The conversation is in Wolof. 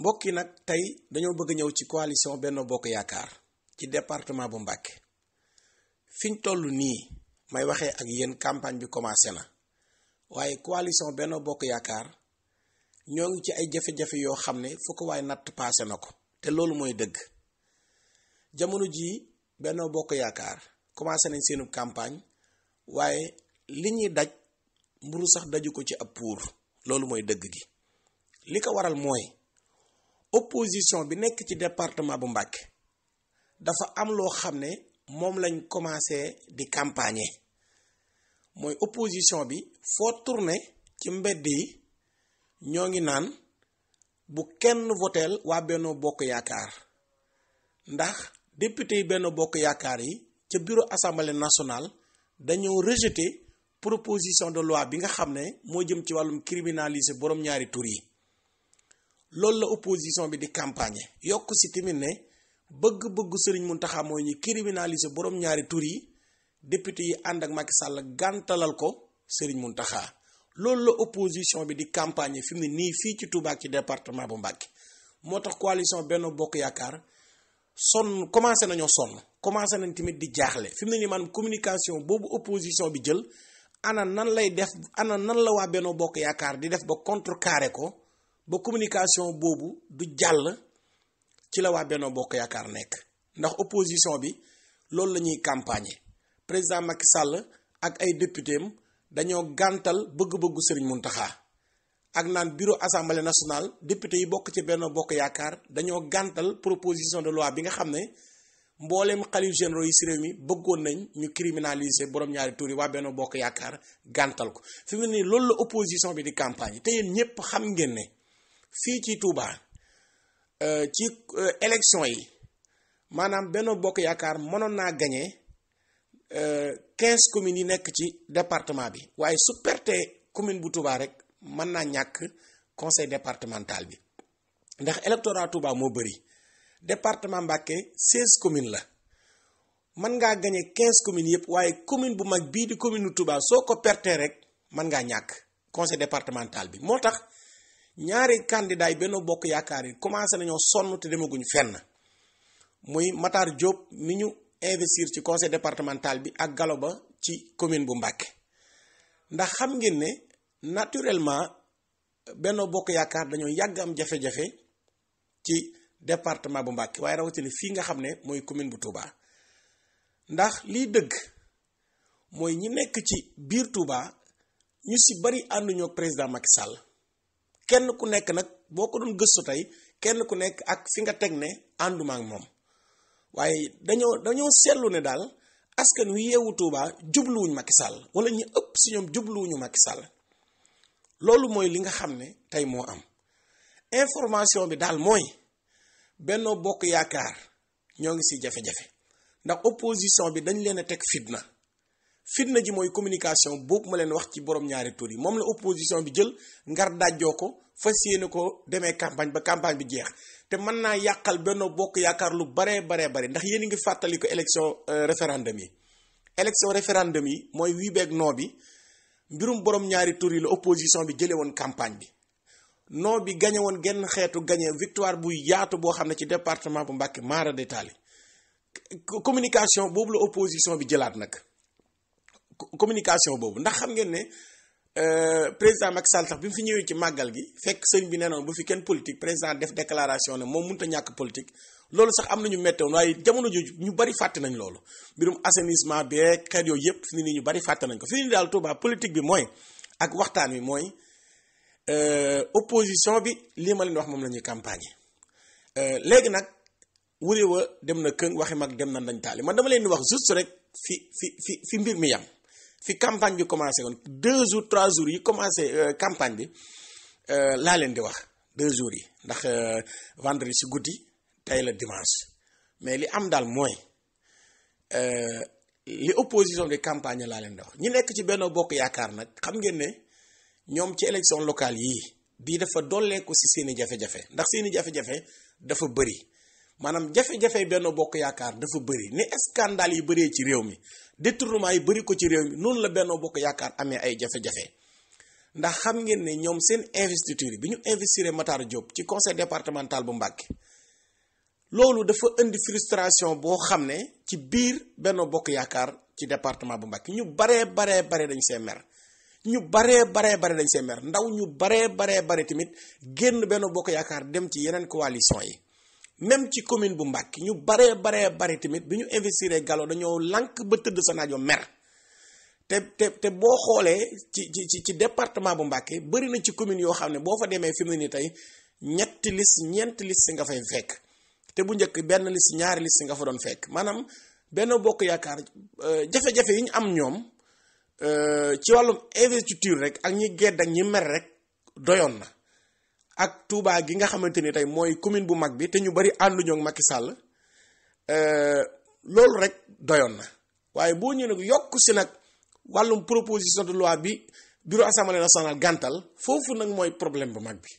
mbokk yi nag tey dañoo bëgg ñëw ci coalition Benno Bokk Yaakaar ci département bu Mbàkke fiñ toll nii may waxee ak yéen campagne bi commencé na waaye coalition Benno Bokk Yaakaar ñoo ngi ci ay jafe-jafe yoo xam ne fu ko waaye natt paase na ko te loolu mooy dëgg jamono jii Benno Bokk Yaakaar commencé nañ seenu campagne waaye li ñuy daj mburu sax daju ko ci ab puur loolu mooy dëgg gi li ko waral mooy opposition bi nekk ci département bu Mbàkke dafa am loo xam ne moom lañ commencé di campagne mooy opposition bi foo tourné ci mbedd yi ñoo ngi naan bu kenn voteel waa Benno Bokk Yaakaar ndax député yi Benno Bokk Yaakaar yi ca bureau assemblée nationale dañoo rejeté proposition de loi bi nga xam ne moo jëm ci wàllum criminaliser borom ñaari tur yi loolu la opposition bi di campagne yokk si tamit ne bëgg-bëggu bëgg mun Mountakha mooy ñu criminaliser borom ñaari tur yi député yi ànd ak Macky Sall gàntalal ko mun taxaa loolu la opposition bi di campagne fi mu ne nii fii ci Touba ci département bu Mbacké moo tax coalition Benno Bokk Yaakaar sonn commencé nañoo sonn commencé nañ tamit di jaaxle fi mu ne nii man communication boobu opposition bi jël ana nan lay def ana nan la waa Benno Bokk Yaakaar di def ba contrecarrer ko. ba communication boobu du jàll ci la waa Benno Bokk Yaakaar nekk ndax opposition bi loolu la ñuy campagne président Macky Sall ak ay député am dañoo gàntal bëgg-bëggu mun Mountakha ak naan bureau assemblée national député yi bokk ci Benno Bokk Yaakaar dañoo gàntal proposition de loi bi nga xam ne mbooleem xalif généraux yi si réew mi bëggoon nañ ñu criminaliser borom ñaari tur yi waa Benno Bokk Yaakaar gàntal ko fi mu ne nii loolu la opposition bi di campagne te yéen ñëpp xam ngeen ne. fii ci Touba euh, ci euh, élection yi maanaam benn Bokk Yaakaar mënoon naa gagné euh, quinze communes yi nekk ci département bi waaye su perte commune bu Touba rek mën naa ñàkk conseil départemental bi ndax électorat Touba moo bëri département Mbacké seize communes la man ngaa gagné quinze communes yëpp waaye commune bu mag bii di commune Touba soo ko perte rek mën ngaa ñàkk conseil départemental bi moo tax. ñaari candidat yi benn bokk yaakaar yi commencé nañoo sonn te demaguñ fenn muy Matar Diop mi ñu investir ci conseil départemental bi ak galo Ba ci commune bu Mbacké ndax xam ngeen ne naturellement benn bokk yaakaar dañoo yàgg am jafe-jafe ci département bu Mbacké waaye rawatina fii nga xam ne mooy commune bu Touba ndax lii dëgg mooy ñi nekk ci biir Touba ñu si bari ànduñoo ak président Macky Sall. kenn ku nekk nag boo ko doon gëstu tey kenn ku nekk ak fi nga teg ne ànduma moom waaye dañoo dañoo seetlu ne daal askan wi yeewu Touba jubluwuñ Macky Sall wala ñi ëpp si ñoom jubluwuñu Macky Sall loolu mooy li nga xam ne tey moo am information bi daal mooy Benno Bokk Yaakaar ñoo ngi si jafe-jafe ndax opposition bi dañ leen a teg fitna. fitna ji mooy communication boobu ma leen wax ci borom ñaari tur yi moom la opposition bi jël ngar dajjoo ko fas yéene ko demee campagne ba campagne bi jeex te mën naa yàqal Benno Bokk Yaakaar lu baree baree bari ndax yéen a ngi fàttali ko élection euh, référendum yi élection référendum yi mooy wii beeg noo bi mbirum borom ñaari tur yi la opposition bi jëlee woon campagne bi noo bi gañe woon genn xeetu gañe victoire buy yaatu boo xam ne ci département bu Mbàkke maara détaillé communication boobu la opposition bi jëlaat nag communication boobu ndax xam ngeen ne euh, président Macky Sall sax bi mu fi ñëwee ci màggal gi fekk sëñ bi nee noonu bu fi kenn politique président def déclaration ne moom mun ta ñàkk politique loolu sax am nañu méttewoon waaye jamono jooju ñu bari fàtte nañ loolu mbirum assainissement beeg xeet yooyu yëpp fi ni ñu bari fàtte nañ ko fi ni daal Touba politique bi mooy ak waxtaan wi mooy euh, opposition bi lii ma leen wax moom la ñuy campagne euh, léegi nag wuréwa dem na këng waxi mag dem na dañ taali man dama leen di wax juste rek fi fi fi fi mbir mi yam fi campagne bi commencé woon deux jours trois jours yi commencé euh, campagne bi euh, laa leen di wax deux jours yi ndax euh, vendredi si guddi tey la dimanche mais li am daal mooy li opposition de campagne laa leen di wax ñi nekk ci Benno Bokk Yaakaar nag xam ngeen ne ñoom ci élection locale yii bii dafa dolleeku si seeni jafe-jafe ndax seeni jafe-jafe dafa bëri maanaam jafe-jafe Benno Bokk Yaakaar dafa bëri ni scandale yi bëree ci réew mi détournement yi bëri ko ci réew mi noonu la Benno Bokk Yaakaar amee ay jafe-jafe ndax xam ngeen ne ñoom seen investiture yi bi ñu investiré Matar Diop ci conseil départemental bu Mbàkke loolu dafa indi frustration boo xam ne ci biir Benno Bokk Yaakaar ci département bu Mbàkke ñu baree baree bare dañ see mer ñu baree baree bare dañ see mer ndaw ñu baree baree bare tamit génn Benno Bokk Yaakaar dem ci yeneen coalition yi même ci commune bu Mbàkke ñu baree baree bari tamit bi ñu investiree Gallo dañoo lank ba tëdd sa naajo mer te te te boo xoolee ci ci ci département bu Mbàkke bëri na ci commune yoo xam ne boo fa demee fi ne nii tey ñetti liste ñeenti liste nga fay fekk te bu njëkk benn liste ñaari liste nga fa doon fekk maanaam benn bokk yaakaar euh, jafe-jafe yi ñu am ñoom euh, ci wàllum investiture rek ak ñi gedd ak ñi mer rek doyoon na ak tuubaa gi nga xamante ni tey mooy commune bu mag bi te ñu bari ànduñoo ak Macky Sall euh, loolu rek doyoon na waaye boo ñëwee nag yokk si nag wàllum proposition de loi bi bureau assemblée nationale gàntal foofu nag mooy problème bu mag bi